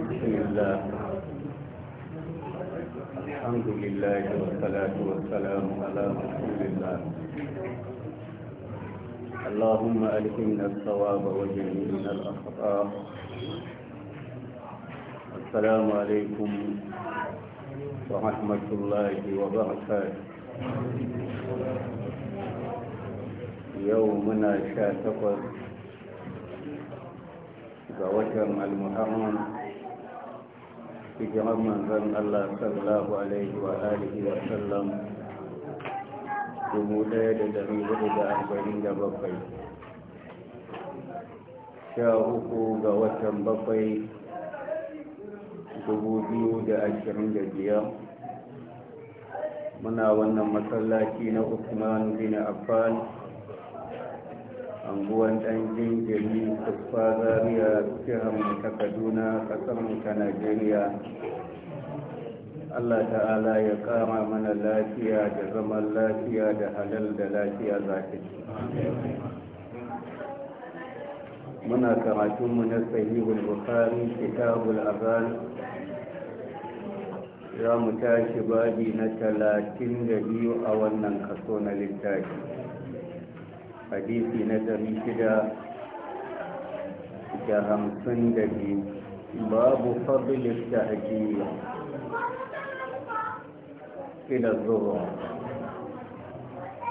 بسم الله الحمد لله والصلاة والسلام على رسول الله اللهم ألهمنا الصواب وجميلنا الأخطاء السلام عليكم ورحمة الله وبركاته يومنا شاتقر ga المحرم hijirar manzan Allah sallallahu alaihi wa alihi wa sallam bakwai. sha uku ga watan bakwai dubu biyu da ashirin da biyar muna wannan masallaci na Usman bin Affan anguwan ɗan jingiri kusfa zariya jihar ta kaduna ƙasar ta najeriya allah ta'ala ya kama mana lafiya da zaman lafiya da halal da lafiya za ta muna karatunmu na sahihul bukhari kitabul azan za mu tashi babi na talatin da biyu a wannan kaso na littafi hadisi na ɗari shida da hamsin da biyu babu fadlis da ajiya ila zuwa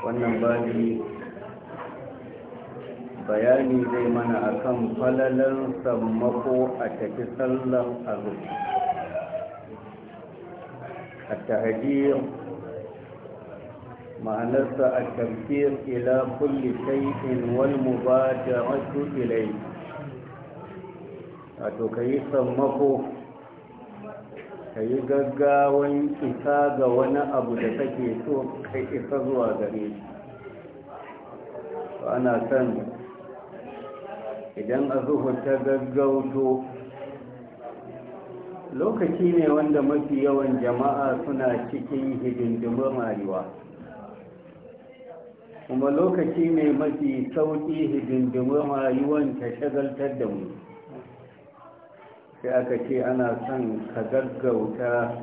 wannan bali bayani zai mana akan falalar sammako a tafi sallar azumi a tahajiyar ma'anarsa a tafiyar ila kulli shay'in wal mubadaratu ilai wato ka yi sammako ka yi gaggawan isa ga wani abu da take so kai isa zuwa gare shi ana son idan azuhu ta gaggauto lokaci ne wanda mafi yawan jama'a suna cikin hidindimin rayuwa kuma lokaci ne mafi sauƙi hidindimin rayuwan ta shagaltar da mu sai aka ce ana son ka gaggauta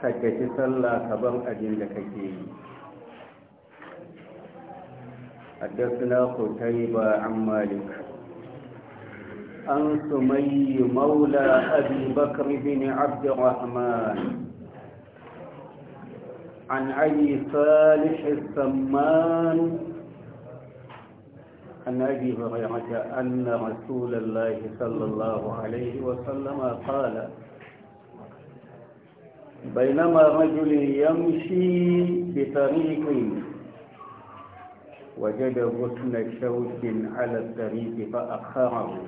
ka tafi sallah ka ban abin da kake yi yi ba an malik an su mai Maula, abin bakar bin عن أبي صالح السمان عن أبي هريرة أن رسول الله صلى الله عليه وسلم قال بينما رجل يمشي بطريق وجد غصن شوك على الطريق فأخره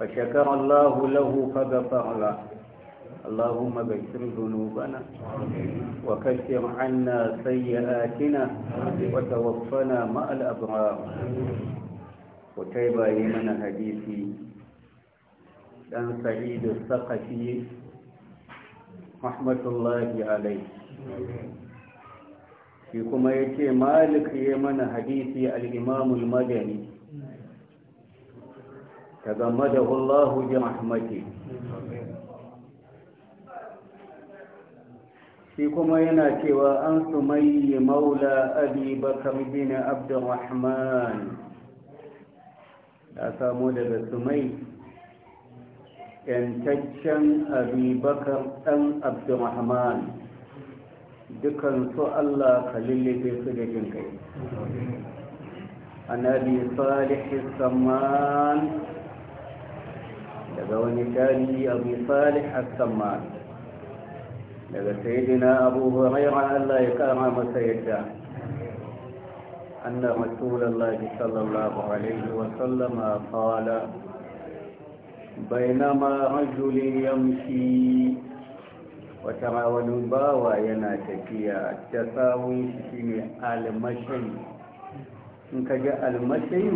فشكر الله له فغفر له اللهم بشر ذنوبنا وكشف عنا سيئاتنا وتوفنا مع الأبرار وتيبا يمن حديثي دان سعيد الثقفي رحمة الله عليه shi kuma ya ce malik ya mana hadisi al'imamul madani ta game da wallahu ji rahmati shi kuma yana cewa an yi maula abi bakar bin abdurrahman ta samo daga mai yantaccen abi bakar ɗan abdurrahman dukansu allah ka lullube su da jin kai Ana salih samman daga wani tarihi abu salih samman daga sayidina abu huraira Allah ya kara masa yadda anna rasulullahi sallallahu alaihi wa sallama qala bainama rajulin yamshi wata wani bawa yana tafiya ta sawun shi ne almashayi in ka ji almashayi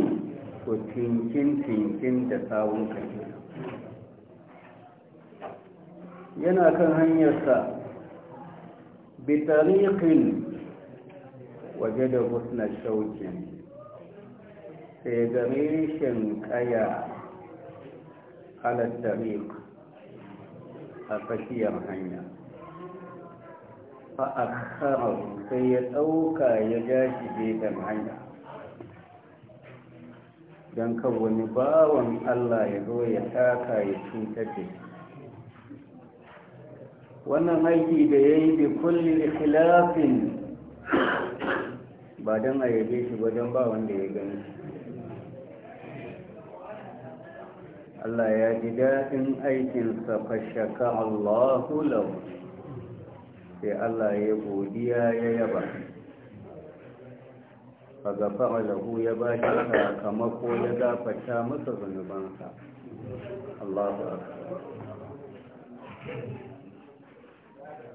to tinkin tinkin da sawun ka yana kan hanyarsa بطريق وجد غصن الشوك سيدريش كيا على الطريق hanya. رحمه فأخر sai ya ɗauka ya ja shi gefen hanya don Allah ya zo ya taka ya cutar da wannan aiki da ya yi bi kulli ikhlafin ba don a yabe shi ba don ba wanda ya gani Allah ya ji daɗin aikinsa fashaka Allahu lahu sai Allah ya godiya ya yaba a gafa lahu ya ba shi sakamako ya zafata masa zunubansa Allahu akbar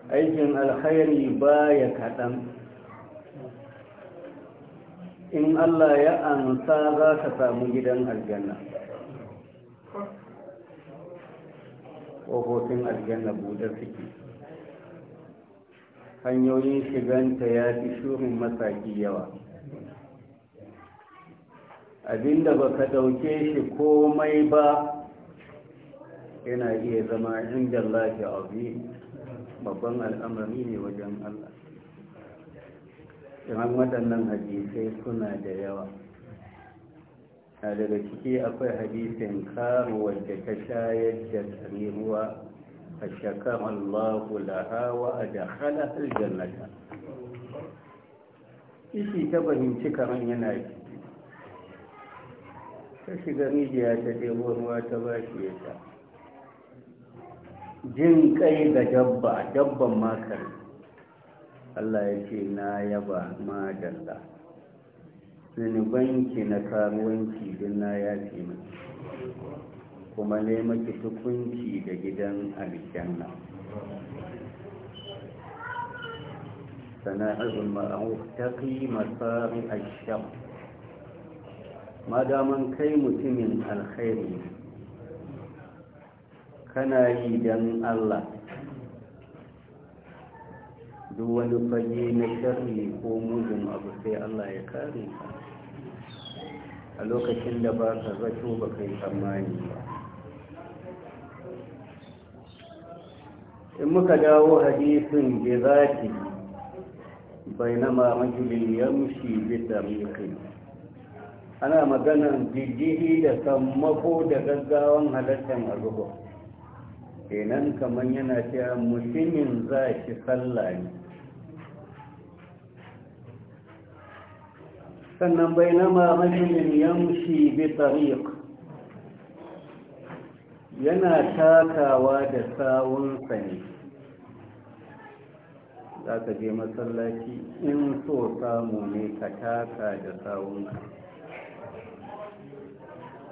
aikin alkhairi ya kaɗan in Allah ya amsa za ka samu gidan aljanna ƙofofin aljanna buɗe suke hanyoyin shiganta ya fi shurin masaki yawa abinda baka ɗauke shi komai ba yana iya zama inda lafiya abin babban al'amari ne wajen Allah kamar waɗannan hadisai suna da yawa a daga ciki akwai hadisin karu da ta shayar da tsari a shakar Allah da Hawa a da halar jannata ishi ta fahimci kamar yana yi ta shiga rijiya ta ɗebo ruwa ta ba shi ya sha jin kai ga dabba dabban makar Allah ya ce na yaba madalla zunubanki na karuwanci don na yafe miki kuma ne maki tukunci da gidan aljanna sana'ar ma'aruf ta kima tsarin ashab madaman kai mutumin alkhairi kana yi don Allah duk wani fage na sharri ko mugun abu sai Allah ya kare ka a lokacin da ba ka zato ba kai tsammani ba in muka dawo hadisin gizaki bainama majulin yamshi bisa mulkin ana maganar jijjihi da sammako da gaggawan halattar azubu kenan kamar yana cewa mutumin za shi sallah ne sannan bai nama rajulin yamshi bi tariq yana takawa da sawunsa ne za ka je masallaci in so samu ne ka taka da sawunka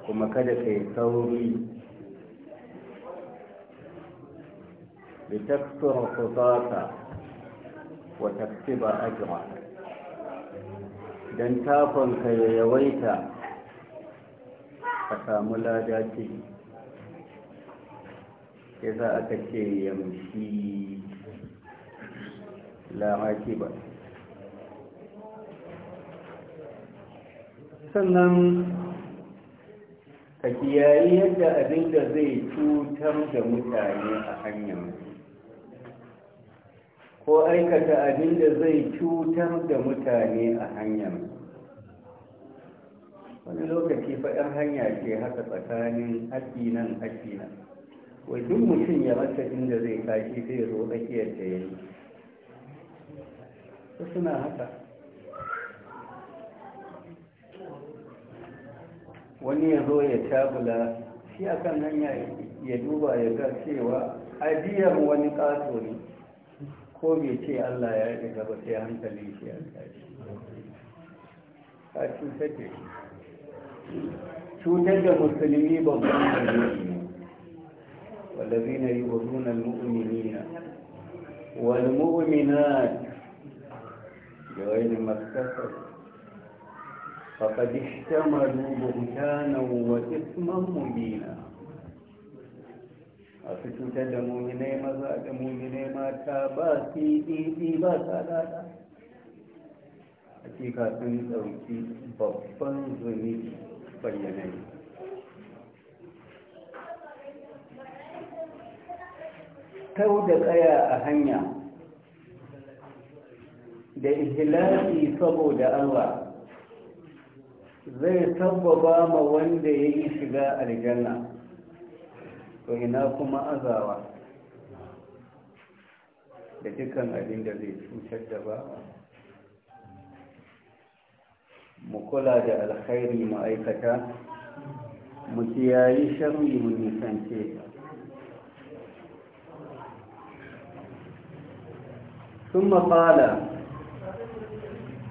kuma kada ka yi sauri لتكثر خطاك وتكتب أجرك dan takonka ya yawaita ka samu lada ce ya za aka ce yamshi lamaki ba sannan ka kiyayi yadda abin da zai cutar da mutane a hanyar ko aikata abin da zai cutar da mutane a hanyar wani lokaci faɗin hanya ce haka tsakanin haƙi nan haƙi mutum ya rasa inda zai kashi sai ya zo tsakiyar da ya yi suna haka wani ya zo ya tabula shi akan hanya ya duba ya ga cewa ajiyar wani ƙato ne ko bai ce Allah ya yi gaba sai hankalin shi ya tashi ka cutar da shi cutar da musulmi babban dalili ne والذين يؤذون المؤمنين والمؤمنات بغير ما اكتسبوا فقد احتملوا بهتانا واثما مبينا masu cutar da muminai maza da muminai mata ba cdd ba sadada cika sun ɗauki babban bayyana bayyanai Tau da tsaya a hanya da ihlali saboda Allah zai tabbaba ma wanda ya yi shiga aljanna to ina kuma azawa da dukkan abin da zai cutar da ba mu kula da alkhairi ma'aikata mu kiyayi sharri mu nisance sun mafala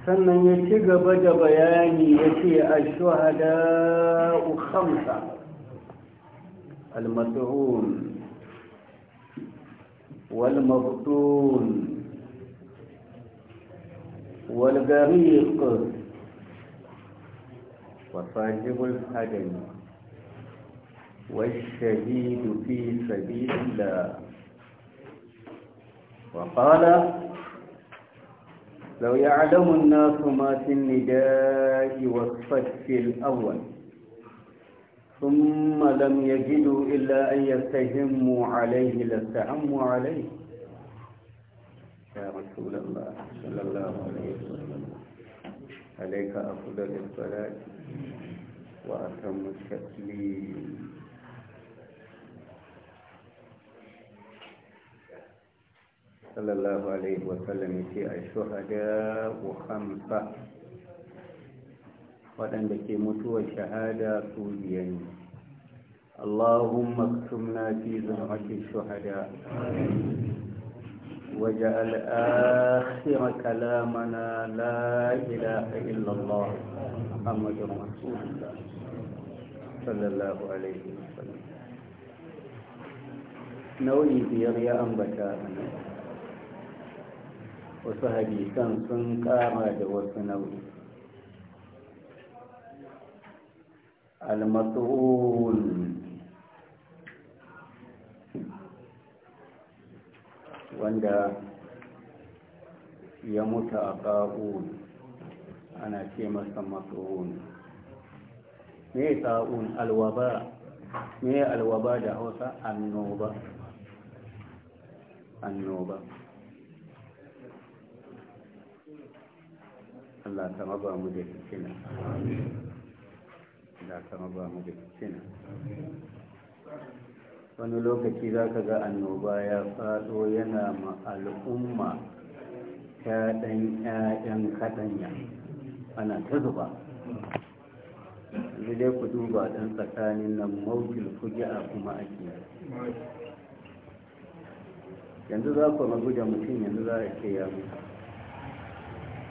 sannan ya ci gaba da bayani ya ce a shuhada u المتعون والمبطون والغريق وصاحب الحدن والشهيد في سبيل الله وقال لو يعلم الناس ما في النداء والصف الأول ثم لم يجدوا إلا أن يستهموا عليه لاستهموا عليه يا رسول الله صلى الله عليه وسلم عليك أفضل الصلاة وأتم التسليم صلى الله عليه وسلم في الشهداء وخمسة waɗanda ke mutuwar shahada su biya ne allahumma tumna fi zamakin shuhada وجعل آخر كلامنا لا إله إلا الله محمد رسول الله صلى الله عليه وسلم nau'i biyar ya ambata wasu hadisan sun kama da wasu nau'i المسؤول wanda ya mutu a ƙa'un ana ce masa mas'ul me ƙa'un alwaba da hausa annoba annoba Allah ta mu da fitina da kama ba mu da fitina wani lokaci za ka ga annoba ya faɗo yana ma al'umma ta ɗan 'ya'yan kaɗanya ana ta zuba yanzu dai ku duba ɗan tsakanin nan mawukil fuji'a kuma ake yanzu za ku magu da mutum yanzu za a ce ya mutu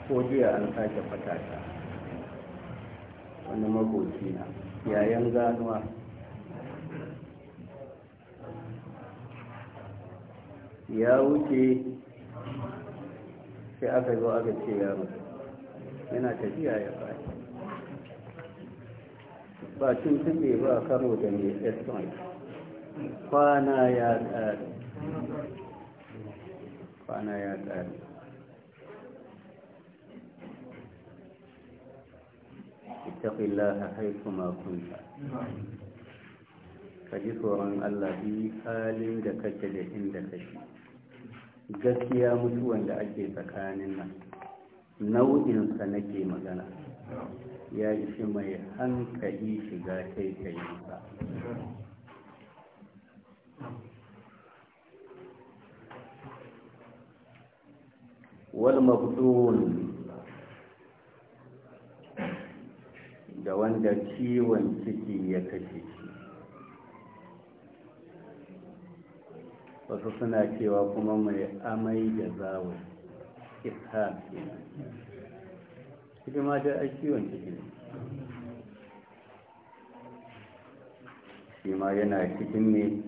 ko jiya an sake fatata wani makoci na yayan ganuwa ya wuce sai aka zo aka ce yaro yana tafiya ya faɗi ba cin bai ba karo da ne eston kwana ya kwana ya tsari واتق الله حيثما كنت kaji tsoron Allah bi halin da kake da inda kake gaskiya mutuwan da ake tsakanin nan nau'insa nake magana ya ishi mai hankali shiga kai kai wal mabdun da wanda ciwon ciki ya kashe shi wasu suna cewa kuma mai amai da zawo Shi cikin ma da ciwon ciki shi ma yana cikin ne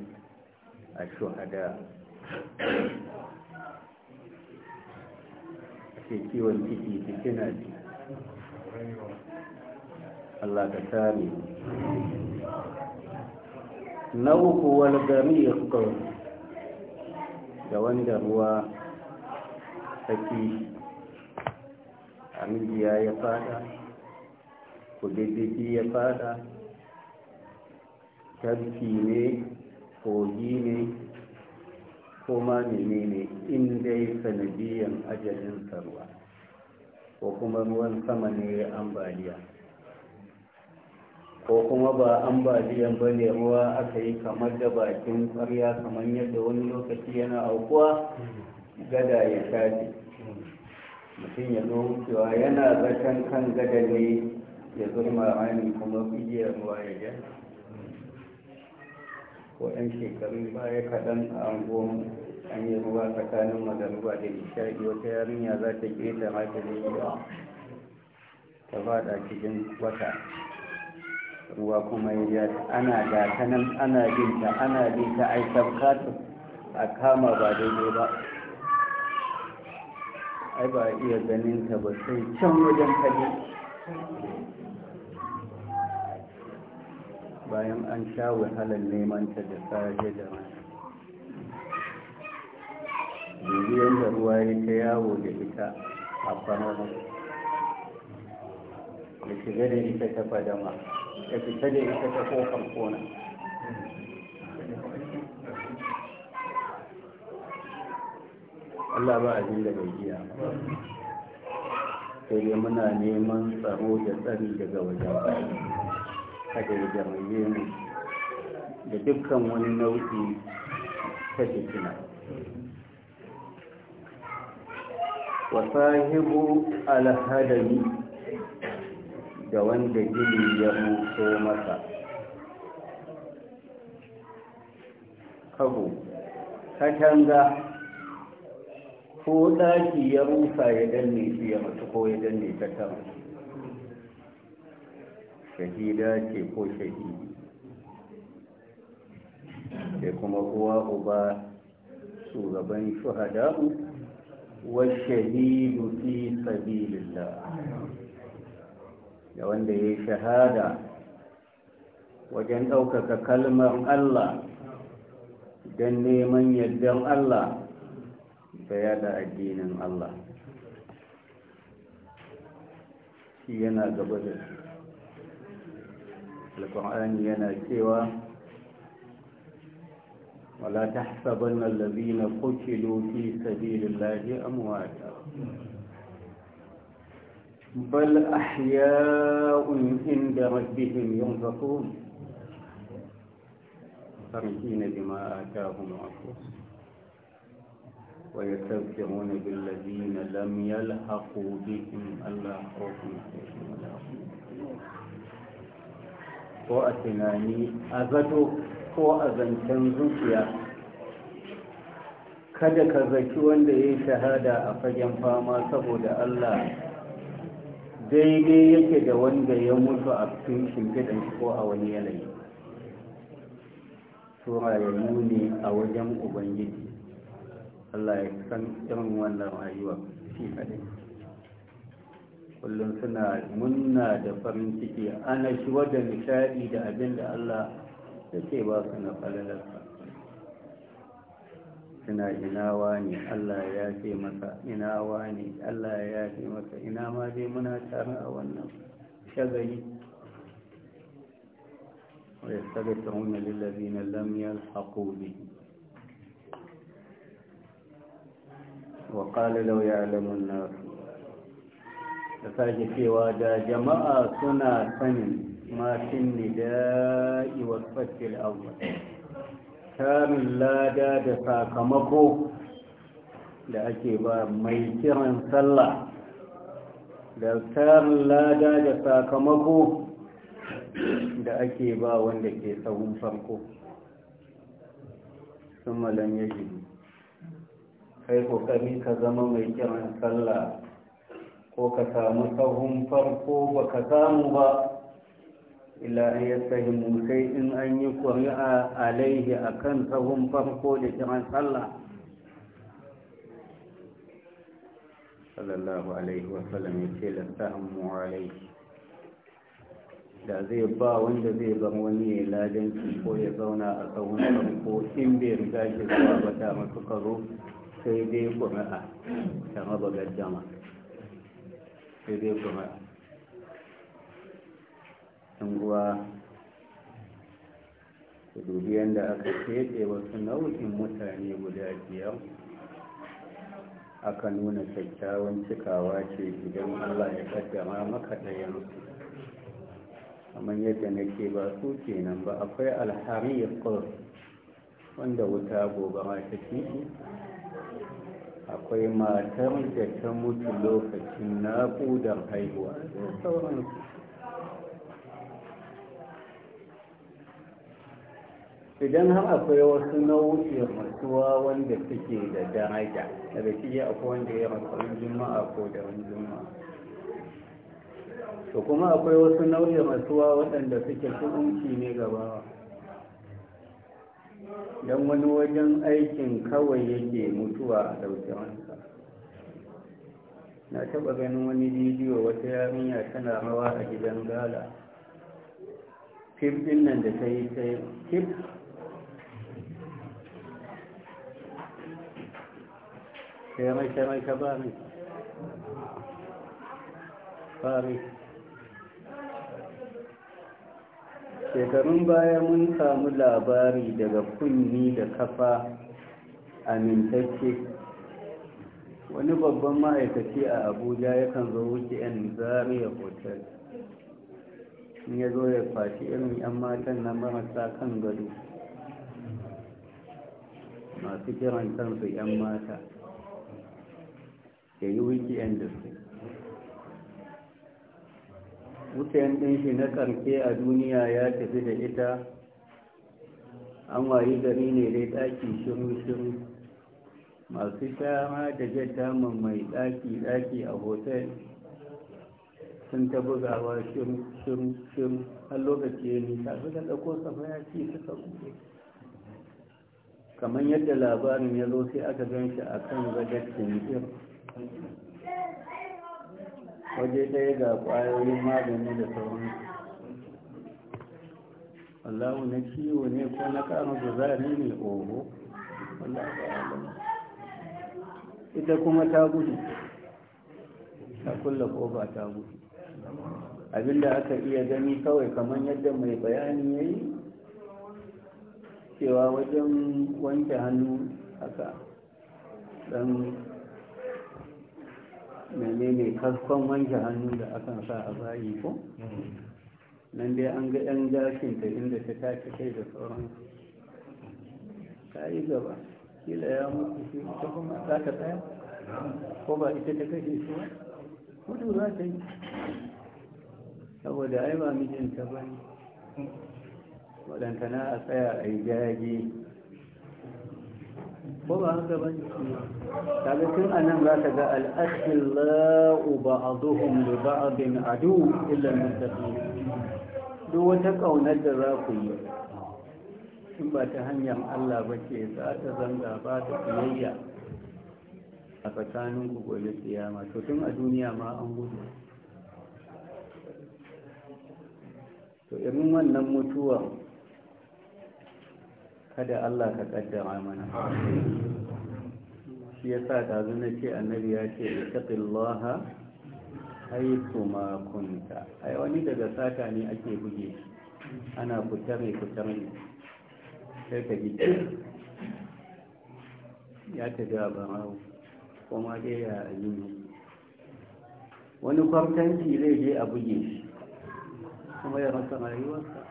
a shuhada ke ciwon ciki cikin na Allah ka kare na uku wal gariq da wanda ruwa saki amidiya ya fada kudiddifi ya fada tafki ne kogi ne ko ma menene in dai sanadiyan ajalin sarwa ko kuma ruwan sama ne ambaliya ko kuma ba an ba ne ruwa aka yi kamar da bakin ƙarya kamar yadda wani lokaci yana aukuwa gada ya tafi mutum ya zo wucewa yana zaton kan gada ne ya zurma rami kuma igiyar ruwa ya ja ko ɗan shekaru baya kaɗan a angon an yi ruwa tsakanin magaruba da nishaɗi wata yarinya za ta ƙeta mata da ta faɗa cikin wata ruwa kuma ya ana gata nan ana binta ana binta ai sabkatu a kama ba daidai ba ai ba iya ganin ta ba sai can wajen kaje bayan an sha wahalar neman ta da safe da rana jirgin da ruwa ya ta yawo da ita a fara da shiga da ita ta fadama ya fita da ita ta kofar kona Allah ba abin da bai iya sai dai muna neman tsaro da tsari daga wajen kada ya jamaye mu da dukkan wani nau'i ta fitina wasahibu alhadari ga wanda gini ya ruso masa kago katanga ko ɗaki ya rusa ya danne shi ya mutu ko ya danne ta tara shahida ce ko shahidi sai kuma kuwa uba shugaban shuhada wa shahidu fi sabilillah da wanda ya yi shahada wajen ɗaukaka kalmar Allah don neman yardar Allah da yada addinin Allah shi yana gaba da alƙur'ani yana cewa wala tahsabanna allazina qutilu fi sabilillahi amwata بل أحياء عند ربهم ينفقون فرحين بما آتاهم أنفسهم ويستغفرون بالذين لم يلحقوا بهم ألا خوف عليهم ولا هم ko a tunani a zato ko a zancen zuciya kada ka zaki wanda ya yi shahada a fagen fama saboda Allah daidai yake da wanda ya mutu a cikin shimfiɗan ko a wani yanayi turayayyu ne a wajen ubangiji allah ya san irin wannan rayuwa shi kaɗai kullum suna munna da farin ciki ana shi wadda nishaɗi da abin da allah yake ba su na falalar suna inawa ne Allah ya ce masa inawa ne Allah ya ce masa ina ma dai muna tare a wannan shagali wa yastaghfiruna lil ladina lam yalhaqu bihi wa qala law ya'lamu an-nas da sake cewa da jama'a suna sanin ma fi nida'i wa fatil awwal tarin lada da sakamako da ake ba mai kiran sallah da tarin lada da sakamako da ake ba wanda ke tsawon farko sun malam ya kai kokari ka zama mai kiran sallah ko ka samu tsawon farko ba ka samu ba illa an yastahimu sai in an yi kuri'a alaihi a kan sahun farko da kiran sallah sallallahu alaihi wasallam ya ce lastahamu alaihi da zai ba wanda zai bar wani ya ladanci ko ya zauna a sahun farko in bai riga shi zuwa ba da masu karo sai dai ƙuri'a. ta raba gaddama sai dai kuri'a yan uwa ku dubi yadda aka keɓe wasu nau'in mutane guda biyar aka nuna kyakkyawan cikawa ce idan allah ya kaddama maka ɗayansu kamar yadda nake ba su kenan ba akwai alhariyar wanda wuta gobara ta kishi akwai matar da ta mutu lokacin naƙudar haihuwa da sauransu idan har akwai wasu nau'in rantsuwa wanda suke da daraja daga ciki akwai wanda ya rantsuwan juma'a ko da wani juma'a to kuma akwai wasu nau'in rantsuwa waɗanda suke kuɗinci ne gabawa don wani wajen aikin kawai yake mutuwa a ɗauke wansa na taɓa ganin wani bidiyo wata yarinya tana rawa a gidan gala fim nan da ta yi ta yi ka bani. Shekarun baya mun samu labari daga kunni da kafa amintacce. Wani babban ma'aikaci a Abuja yakan zo wuce 'yan zariya hotel. In ya zo ya fashi irin 'yan matan na marasa kan gado. Masu kiran kansu 'yan mata. ya yi weekend da su wutan ɗin shi na ƙarfe a duniya ya tafi da ita an wayi gari ne dai ɗaki shiru-shiru masu shama da jadda mai ɗaki-ɗaki a hotel sun ta bugawa shiru-shiru har lokaci ya nisa suka safa ya ci suka buɗe kamar yadda labarin ya zo sai aka gan shi a kan ragar waje ɗaya ga ƙwayoyin magani da sauran wallahu na ciwo ne ko na kama guzari ne oho wallahu ita kuma ta gudu ta kulla ƙofa ta gudu abinda aka iya gani kawai kamar yadda mai bayani ya yi cewa wajen wanke hannu haka ɗan Mene ne kaskon wanke hannu da akan sa a bayi ko nan dai an ga ɗan ta inda ta tafi kai da sauran ta yi gaba kila ya mutu shi ta kuma za ta tsaya ko ba ita ta kashe shi ba mutu za ta yi saboda ai ba mijinta ba ne na a tsaya a yi jaji ko ba haka ba kaga tun a nan za ka ga da ba a ba'din adu illa al-muttaqin duk wata ƙaunar da za ku yi in ba ta hanyar Allah ba ce za ta zanga ba ta biyayya a tsakanin ku gobe tsiyama to tun a duniya ma an gudu to irin wannan mutuwa. kada Allah ka kaddara mana shi ya sa ta zuna ce annabi ya ce ittaqillaha haythu ma kunta ai wani daga sata ne ake buge ana kutare kutare sai ka ji ya ta ga barawo kuma dai ya yi wani kwartanci zai je a buge shi kuma ya rasa rayuwarsa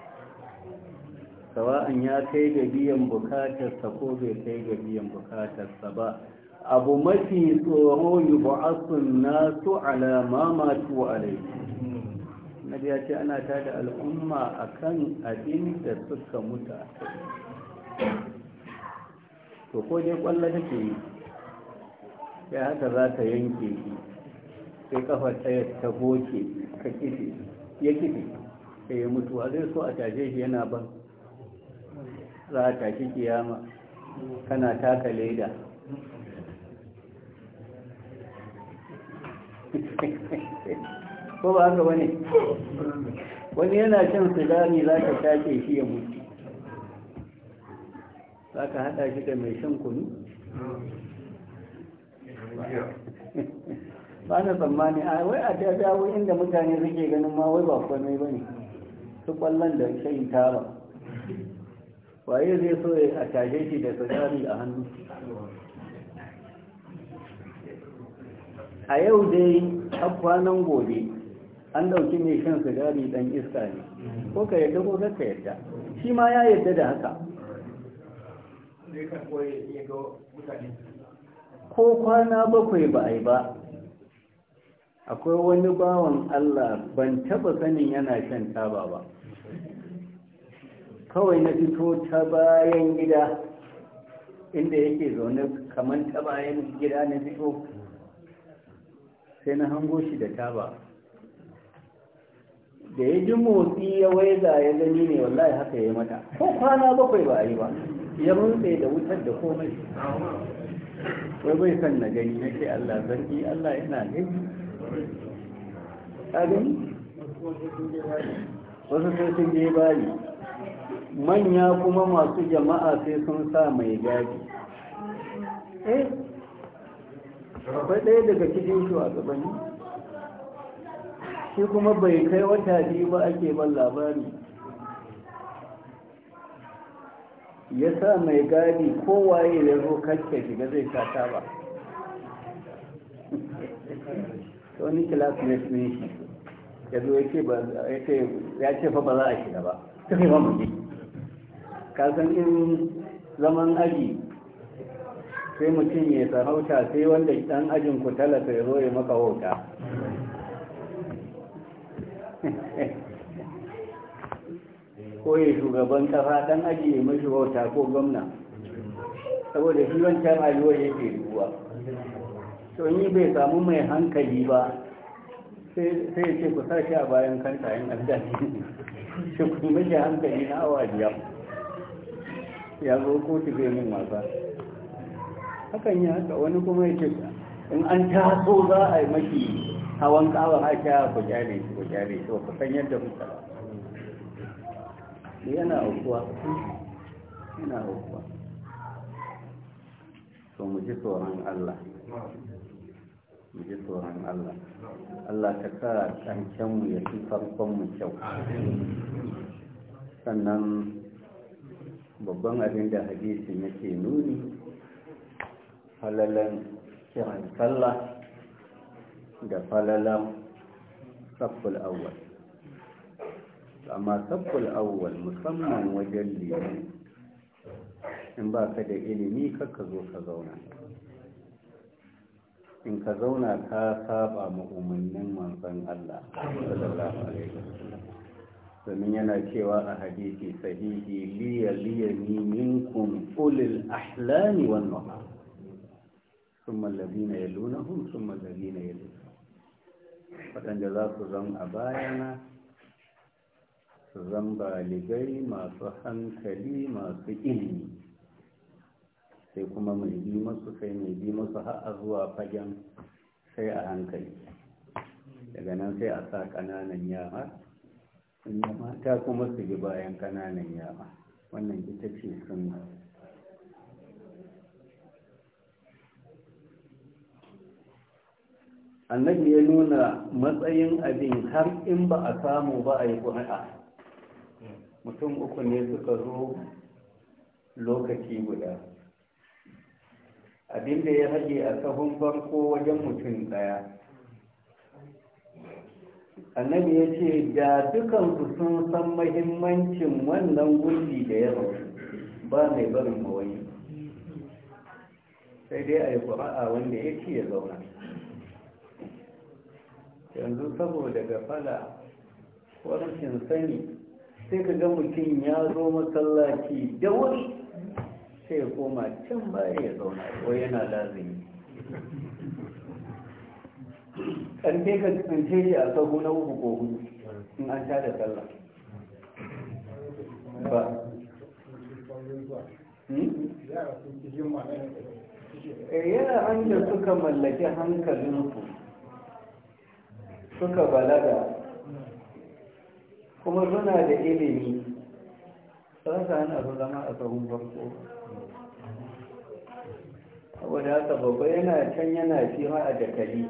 sawa'an ya kai ga biyan bukatarsa ko bai kai ga biyan bukatarsa ba abu mafi tsoro yi ba'asun nasu alama matu alai nabi ya ce ana tada al'umma a kan abin da suka mutu a kai to ko dai kwallo take yi sai haka za ta yanke shi sai kafa ɗaya ta goce ka kife ya kife sai ya mutu a zai so a tashe shi yana ban za a tashi kiyama kana taka leda ko ba haka wani wani yana cin sigari za ka tashi shi ya mutu za ka haɗa shi da mai shan kunu ba na tsammani a wai a ta dawo inda mutane suke ganin ma wai ba kwanai ba ne su kwallon da shayin tara waye zai so ya a shi da sigari a hannu a yau dai kwanan gobe an dauki mai shan sigari dan iska ne ko ka yadda ko ka yadda shi ma ya yadda da haka ko kwana bakwai ba a yi ba akwai wani bawan Allah ban taba sanin yana shan taba ba kawai na fito ta bayan gida inda yake zaune kamar ta bayan gida na fito sai na hango shi da taba da ya ji motsi ya waiza ya gani ne wallahi haka ya yi mata ko kwana bakwai ba a yi ba ya runtse da wutar da komai wai bai san na gani na ce Allah zargi Allah yana gani a gani wasu sosai sun je bayi manya kuma masu jama'a sai sun sa mai gadi eh akwai ɗaya daga cikin shugabanni shi kuma bai kai wata biyu ba ake ban labari ya sa mai gadi kowaye ya zo kacce shiga zai sata ba wani classmate ne shi ya zo ya ce ba za a shiga ba kasan in zaman aji sai mutum ya sarauta sai wanda dan ajin ku talata ya zo ya maka wauta ko ya shugaban kafa dan aji ya mashi wauta ko gwamna saboda shi wancan rayuwar yake ruwa to ni bai samu mai hankali ba sai ce ku sashi a bayan kanta yin aljanni shi kuma mashi hankali na awa biyar ya zo kotu zai min wasa hakan ya haka wani kuma ya ce in an taso za a yi maki hawan kawa a sha ku jare shi ku jare shi ku san yadda kuka yana aukuwa yana aukuwa so mu ji tsoron Allah mu ji tsoron Allah Allah ta kara ƙarshenmu ya fi farkonmu kyau sannan babban abin da hadisi yake nuni falalan kiran sallah da falalan safful awwal amma safful awwal musamman wajen liyan in ba ka da ilimi ka zo ka zauna in ka zauna ka saba maumannin manzan Allah sallallahu alaihi wasallam domin yana cewa a hadisi sahihi liya liya ni minkum ulil ahlani wan nuha thumma alladhina yalunahum na ya luna. Waɗanda za su zan a bayana su zan baligai masu hankali masu ilimi sai kuma mai bi masu sai mai bi masu har zuwa fagen sai a hankali daga nan sai a sa ƙananan yara inda mata kuma su ji bayan kananan yawa, wannan ita ce suna. annabi ya nuna matsayin abin har in ba a samu ba a yi ƙuri'a mutum uku ne suka zo lokaci guda Abin da ya haɗe a sahun farko wajen mutum ɗaya annabi ya ce da dukansu sun san mahimmancin wannan gulbi da ya rasu ba mai barin mawani sai dai a yi ƙura'a wanda ya ci ya zauna yanzu saboda gafala warkin sani sai ka ga mutum ya zo masallaci da wuri sai ya koma can baya ya zauna ko yana lazimi karfe ka tsince shi a sahu na uku ko hudu in an sha da sallah ba hmm? eh, yana an da suka mallaki hankalin ku suka balaga kuma suna da ilimi ba sa hana su zama a sahun farko saboda haka babba yana can yana shi ma a jakali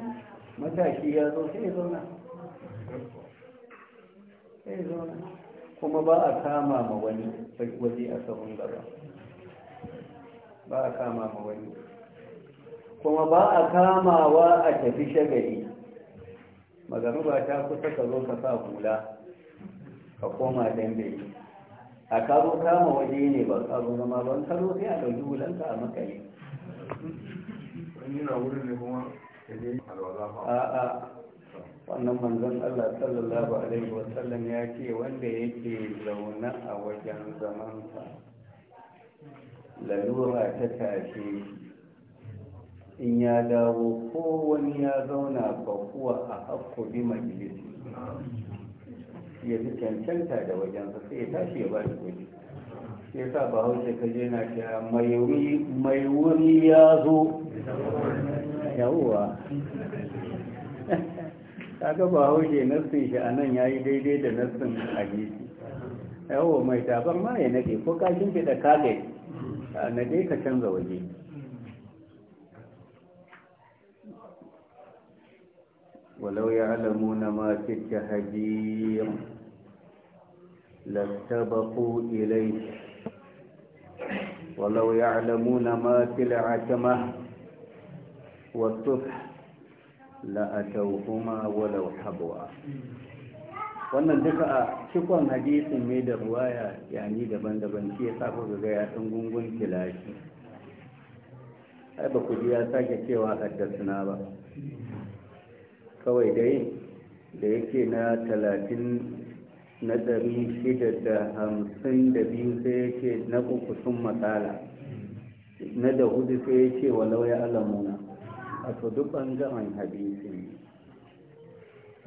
Mataki ya zo sai zauna sai zauna kuma ba a kama ma wani waje a sabon gaba ba a kama ma wani kuma ba a kamawa a tafi shagali ba ta kusa ka zo ka sa hula ka koma dambe a karo kama waje ne ba karo zama ban karo sai a ɗauki hulanka a makale wani wurin ne kuma a'a wannan manzon Allah sallallahu alaihi wasallam ya ce wanda yake zaune a wajen zamansa lalura ta tashe in ya dawo ko wani ya zauna ba kuwa a hakko bi majalis ya fi cancanta da wajensa sai ya tashi ya ba shi kuɗi sai ya sa ba haushe ka je na ta mai wuri ya zo yawuwa ta gaba haushe nassun shi a nan ya yi daidai da nassun hadisi yawo mai tabar ma ya nake, ko kashin fi da kage na dai ka canza waje walau ya alamu na masu jihadi lantabaku ilai walau ya alamu na masu la'atama والصبح لأتوهما ولو حبوا wannan duka a cikon hadisin mai da ruwaya yani daban-daban shi ya sa kuka ga yaɗin gungun kilashi ai ba ku ji ya sake cewa haddasuna ba kawai dai da yake na talatin na ɗari shida da hamsin da biyu sai yake na uku sun matsala na da hudu sai yake walau ya alamuna wato duk ɓangaren hadisi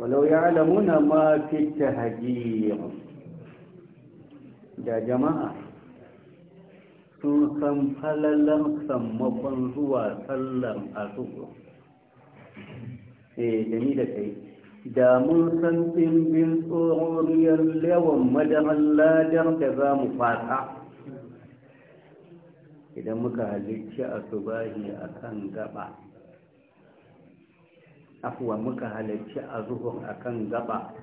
walau ya alamuna ma fita hajiyar da jama'a sun san falalan sammakon zuwa sallar asubu eh da ni da kai mun san ɗimbin tsororiyar yawan madarar ladar da za mu fata idan muka halicci asubahi a kan gaba afuwa muka halarci a zuhur a kan gaba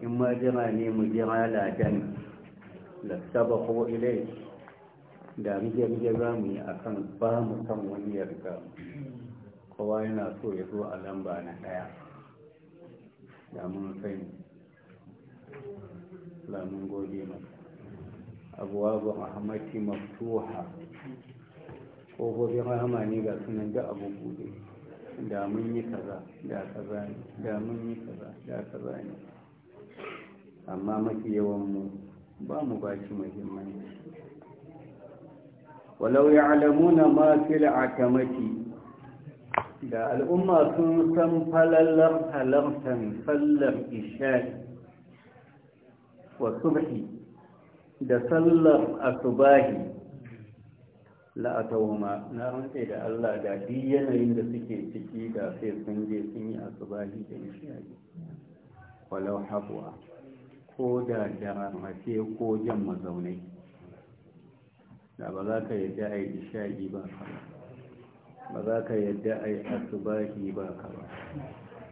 in ma jira ne mu jira ladan lattaba ko ilai da muke muke za mu yi a kan ba mu san wani yarga kowa yana so ya zo a lamba na daya da mun sani da mun gode mu abuwa ba mahamati maftuha ko gobe rahama ne ga sunan da gode da mun yi kaza da kaza ne da mun yi kaza da kaza ne amma mafi yawan mu ba mu ba shi muhimmanci walau ya'lamuna ma fil akamati da al'umma sun san falallar halartar sallar isha'i wa subhi da sallar asubahi la'atawuma na rantse da Allah da duk yanayin da suke ciki da sai sun je sun yi asubahi da nishiyayi walau habuwa ko da mace ko jan mazaunai da ba za ka yadda a yi nishiyayi ba ka ba za ka yadda a yi asubahi ba ka ba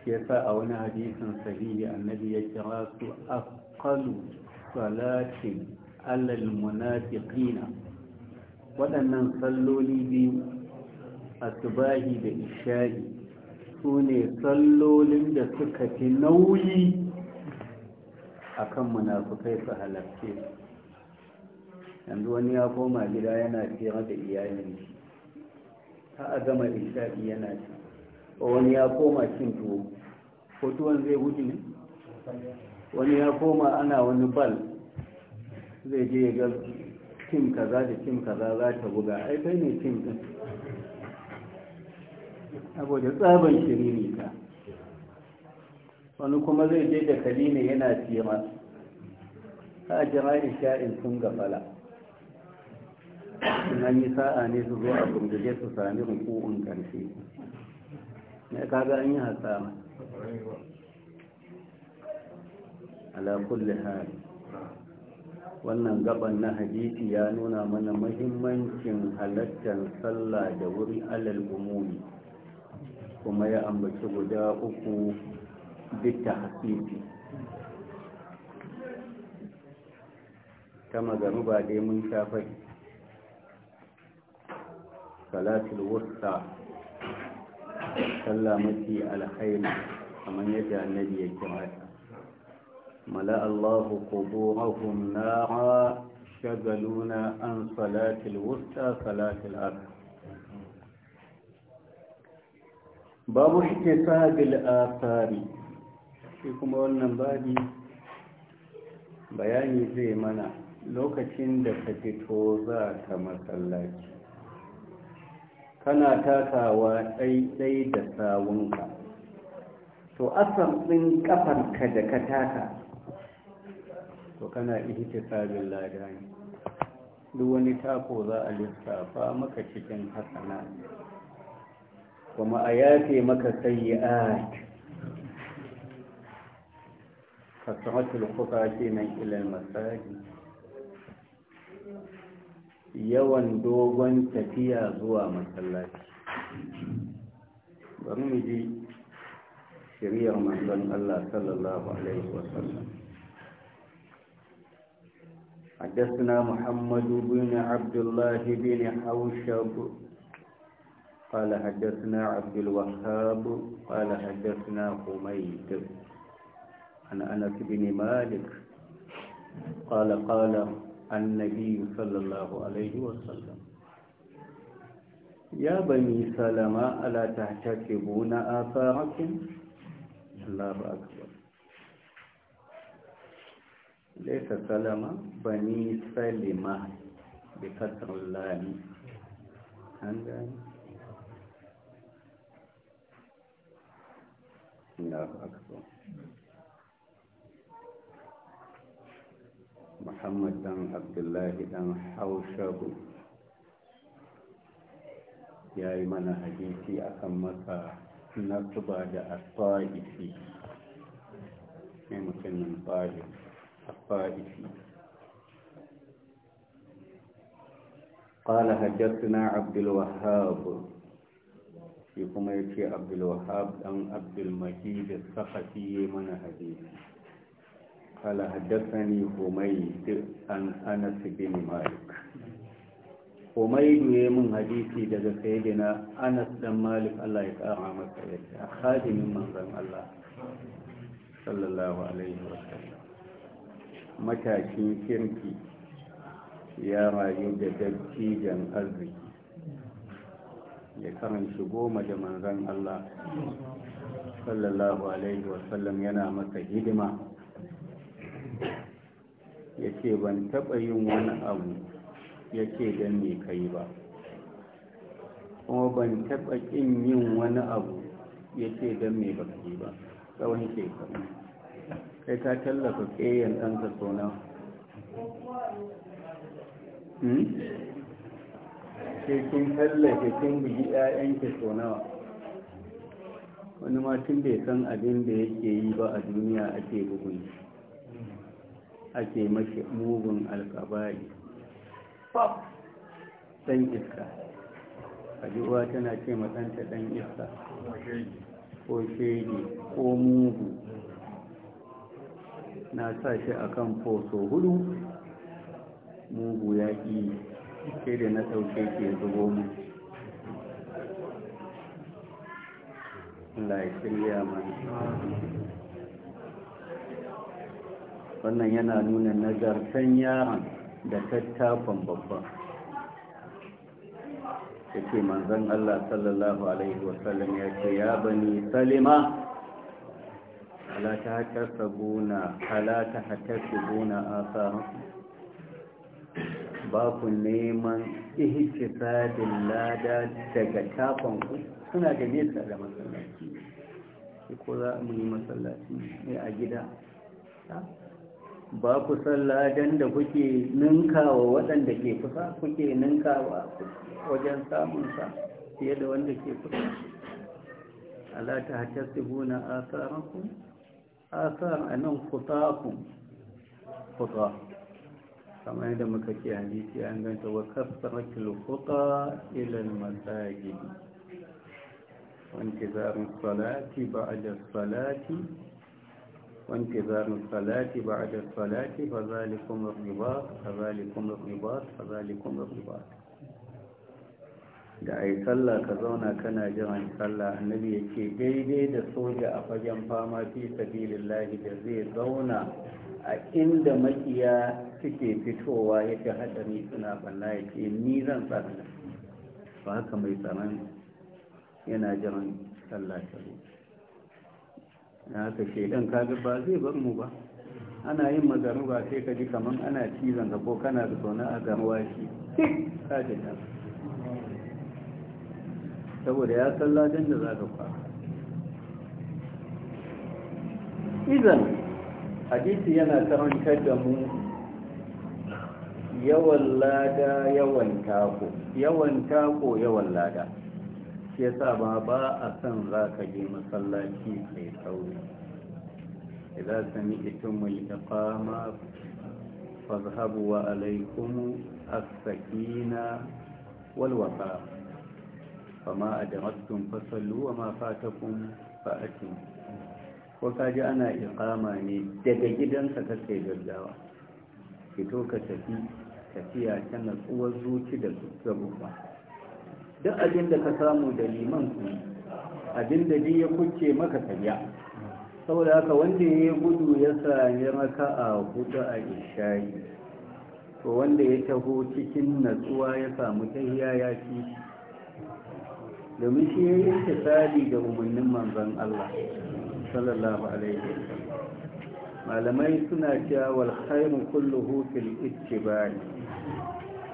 shi yasa a wani hadisin sahihi annabi ya kira su aqalu salatin alal munafiqina waɗannan salloli biyu a tubahi da ishari su ne sallolin da suka fi nauyi a kan munafukai su halarce yanzu wani ya koma gida yana tsira da iyalin shi ta a gama ishari yana ce wani ya koma cin tuwo ko tuwon zai guji ne wani ya koma ana wani bal zai je ya gaza tim kaza da tim kaza za ta buga ai kai ne tim din saboda tsaban shiriri ka wani kuma zai je da kali ne yana fiye masu ka jira in sun gafala sun an yi sa'a ne su zo a gunguje su sami rukun karshe na kaga an yi ma ala kulli hali wannan gaban na hadisi ya nuna mana mahimmancin halattar sallah da wuri alal umumi kuma ya ambaci guda uku duk ta hasifi ta ba dai mun shafai salatul wusta sallah mafi alhaina kamar yadda annabi ya kira ملأ الله قبورهم نارا شغلونا عن صلاة الوسطى صلاة العصر باب احتساب الآثار shi kuma wannan babi bayani zai mana lokacin da ka fito za ka masallaci kana takawa ɗaiɗai da sawunka to asam ɗin ƙafarka da ka taka to kana ihtisabin lada ne duk wani tako za a lissafa maka cikin hasana kuma a yafe maka sayyi'at kasratul fuqa kenan ilal masaji yawan dogon tafiya zuwa masallaci bari mu ji shiriyar manzon Allah sallallahu alaihi wasallam حدثنا محمد بن عبد الله بن حوشب قال حدثنا عبد الوهاب قال حدثنا حميد عن أنس بن مالك قال قال النبي صلى الله عليه وسلم يا بني سلمة ألا تحتسبون آثاركم الله أكبر laisa salama bani salima da kasar lami an gani na akso muhammad dan abdullahi dan haushabu ya yi mana hadisi kan masa nasuba da asfa'ifi ne mutumin tsarin الطائفي قال حدثنا عبد الوهاب shi kuma ya ce abdulwahab ɗan abdulmajid al-sakhafi mana hadisi kala haddathani humayd an anas bin malik humayd ya mun hadisi daga sayyidina anas dan malik Allah ya kara masa yadda khadimin manzon Allah sallallahu alaihi wasallam matashin kirki ya rayu da dattijan arziki da karanci goma da manzan Allah sallallahu alaihi wasallam yana masa hidima ya ce ban taɓa yin wani abu ya ce don me kai ba kuma ban taɓa ƙin yin wani abu ya ce don me ba yi ba tsawon shekaru sai ta tallafa ƙeyen ɗanka sona hmm? sai kin tallafa kin bugi ‘ya'yanki sonawa wani matin bai san abin da yake yi ba a duniya ake bugun ake mashi mugun alkabari ɗan iska kajuwa tana ce matsanta ɗan iska ko shege ko mugu na sa shi a kan foso hudu mugu ya ƙi ke da na ɗauke ke zubo mu laifiriya mai wannan yana nuna nazartan yaran da tattafan babba. ya ce manzan Allah sallallahu Alaihi wasallam ya ce ya bani salima ألا تحتسبون ألا تحتسبون آثارهم sadin lada daga اللادا ku? suna da nesa da masallaci ko za mu yi masallaci ne a gida ba ku salladan da kuke ninkawa waɗanda ke kusa kuke ninkawa wajen samunsa fiye da wanda ke kusa ala ta hatta su a tsarakun asar a nan fusaku fusa kama yadda muka ke hadisi an ganta wa kasar kilofuta ilil matsayi wanke zarin salati ba a da salati wanke zarin salati ba a da salati ba zalikun ribas ba zalikun ribas ba zalikun ribas da a yi sallah ka zauna kana jiran sallah annabi ya ce daidai da soja a fagen fama fi sabilillahi da zai zauna a inda makiya suke fitowa ya fi haɗari suna balla ya ce ni zan tsara ba haka mai tsaron yana jiran sallah ta zo na haka shaidan kaga ba zai bar mu ba ana yin ba sai ka ji kamar ana cizon ka ko kana zaune a gamuwa shi ka ji saboda ya san da za ka kwana idan hadisi yana karantar da mu yawan lada yawan tako yawan tako yawan lada shi yasa ba a san za ka je masallaci mai sauri idan sami itin mai fa zahabu wa alaikum as-sakina wal wafa fama adraktum fasallu wa ma fatakum fa'atin ko kaji ana iqama ne daga gidansa kake gaggawa fito ka tafi tafiya ta natsuwar zuci da gabuwa duk abinda ka samu da liman ku Abinda da ya kuce maka tafiya saboda haka wanda ya yi gudu ya sami maka a hudu a ishayi to wanda ya taho cikin natsuwa ya samu tahiya ya ci domin shi ya yi tasali da umarnin manzan Allah sallallahu alaihi wasallam malamai suna cewa wal khairu kulluhu ba ne.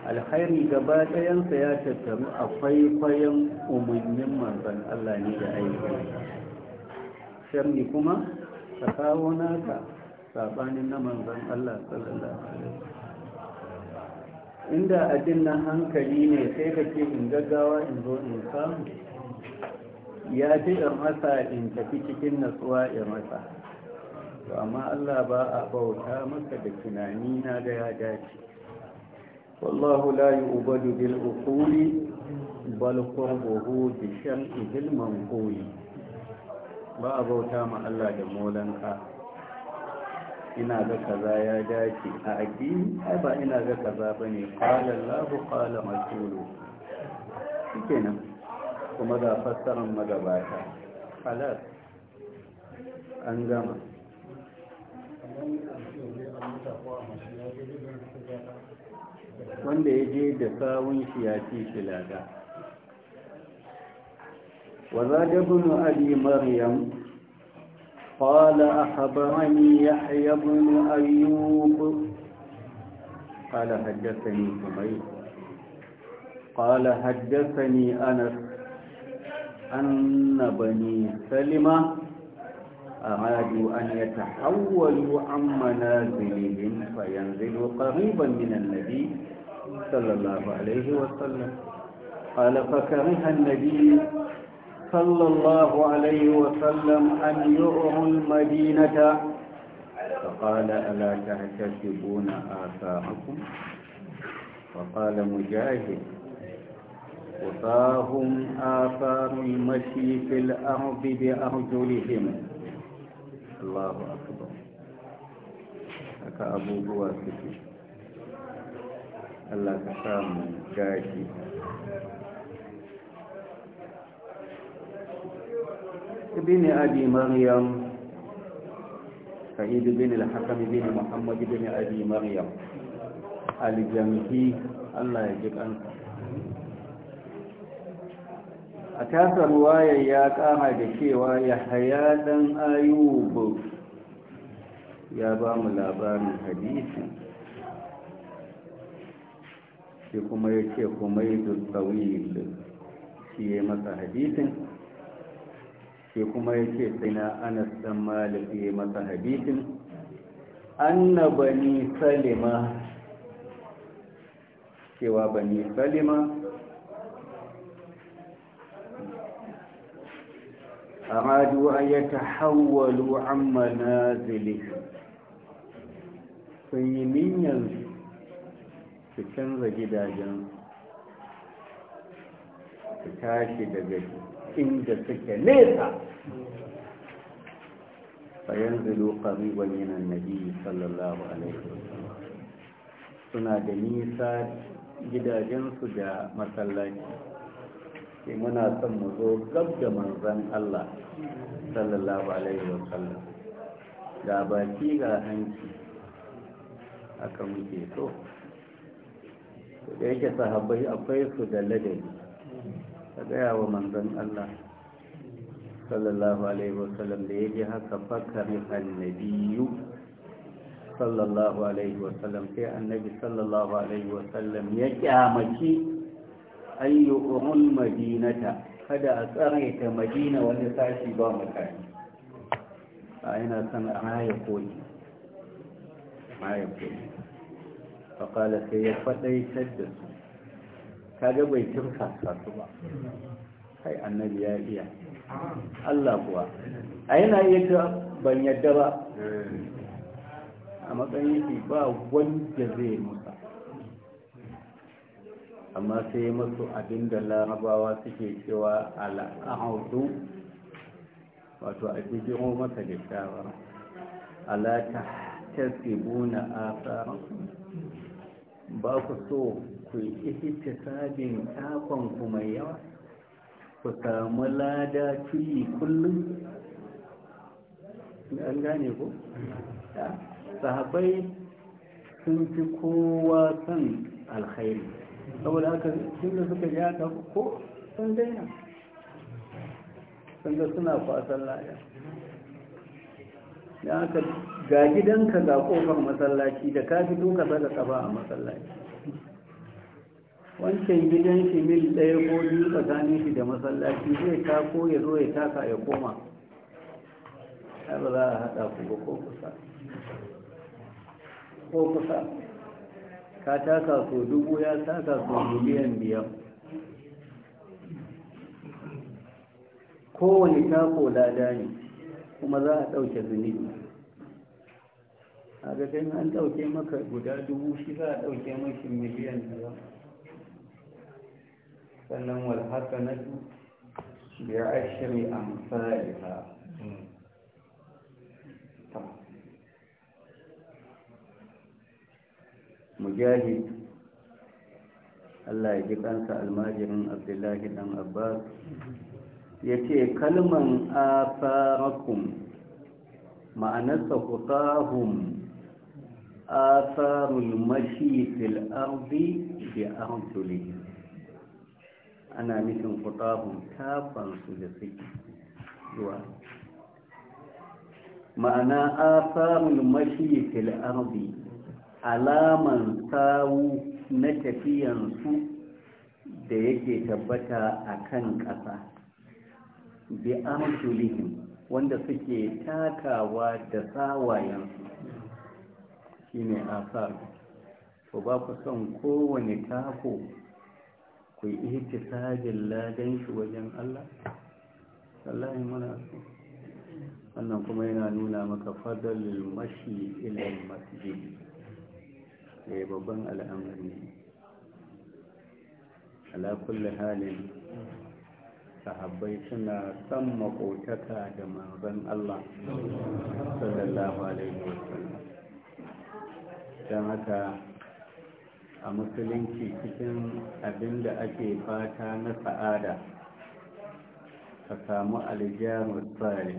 alkhairi gaba ɗayansa ya tattaru a kwaikwayon umarnin manzan Allah ne da aiki sharri kuma ta kawo naka sabanin na manzan Allah sallallahu alaihi wasallam inda abin na hankali ne sai ka ce in gaggawa in zo in samu ya ce in masa in tafi cikin natsuwa in masa to amma Allah ba a bauta masa da tunani na ga ya dace wallahu la yu'badu bil uquli bal qurbuhu bi shar'i bil manquli ba a bauta ma Allah da molanka ina ga kaza ya dace a addini ai ba ina ga kaza ba ne ƙwala labu ƙwala kenan kuma ga fassarar magabata halar an gama wanda ya je da sawun shi ya ci shi wa zadabnu da maryam قال أخبرني يحيى بن أيوب قال حدثني حميد قال حدثني أنس أن بني سلمة أرادوا أن يتحولوا عن منازلهم فينزلوا قريبا من النبي صلى الله عليه وسلم قال فكره النبي صلى الله عليه وسلم أن يؤروا المدينة فقال ألا تحتسبون آثاركم فقال مجاهد وفاهم آثار المشي في الأرض بأرجلهم الله أكبر أكا أبو suke الله تسامن جاهد بن أبي مريم سعيد بن الحكم بن محمد بن أبي مريم الجمهي الله يجب أن أتاس رواية يا كاما دشيوا يا حياة أيوب يا بام الأبان حديثا shi kuma ya ce kuma yi shi ya masa hadisin shi kuma ya ce sai na anas dan malik ya masa hadisin anna bani salima cewa bani salima aradu an yatahawwalu an sun yi niyyar su canza gidajen su tashi daga inda suke nesa fayanzilu qariban min annabi sallallahu alaihi suna da nisa gidajensu da masallaci sai muna son mu zo gab da manzon Allah sallallahu alaihi wasallam ga baki ga hanci aka muke so da yake sahabbai akwai su da ladabi ka gaya wa manzan Allah sallallahu alaihi wasallam da ya ji haka Fakar annabiyu sallallahu alaihi wasallam sai annabi sallallahu alaihi wasallam ya ayyu umul madinata kada a tsare ta madina wani sashi ba mutane a ina son a raya koyi raya koyi faƙala sai ya faɗaitar da su kaga bai turka su ba kai annabi ya iya Allah kuwa a yana iya ta ban yadda ba a matsayin shi ba wanda zai musa amma sai masu abin da larabawa suke cewa al'ahudu wato a cikin masa da shawara ala ta tasibuna a ba ku so ku yi ihtisabin takon ku mai yawa ku samu lada tuyi kullum an gane ku sahabai sun fi kowa son alkhairi saboda haka sun da suka ja ta ko sun daina sun da suna kwasan lada da haka ga gidanka ga kofar masallaci da ka fito ka zaga kafa a masallaci wancan gidan shi mil ɗaya ko biyu tsakanin shi da masallaci zai ko ya zo ya taka ya koma har za a haɗa ku ba ko kusa ko kusa ka taka so dubu ya taka so miliyan biyar kowane tako lada ne kuma za a ɗauke zunubi a ga an ɗauke maka guda dubu shi za a ɗauke mashi miliyan biyar وسلم والحسنة بعشر أمثالها مجاهد الله يجب أن سأل ماجر عبد الله بن عباس يتي كلما آثاركم معنى سقطاهم آثار المشي في الأرض بأرجلهم ana nufin kutahun tafansu da suke zuwa ma'ana a samun mashi fil'arbi alaman sawu na tafiyansu da yake tabbata a kan ƙasa bi amsulihim wanda suke takawa da tsawayensu shine asar to ba ku son kowane tako ku yi ihtisabin ladan shi wajen Allah wallahi muna su. wannan kuma yana nuna maka fadalin mashi ilal masjid da eh, babban al'amari Alakulli halin sahabbai suna son makotaka da magan Allah sallallahu alaihi wasallam don haka a musulunci cikin abin da ake fata na sa'ada ka samu aljihar tsari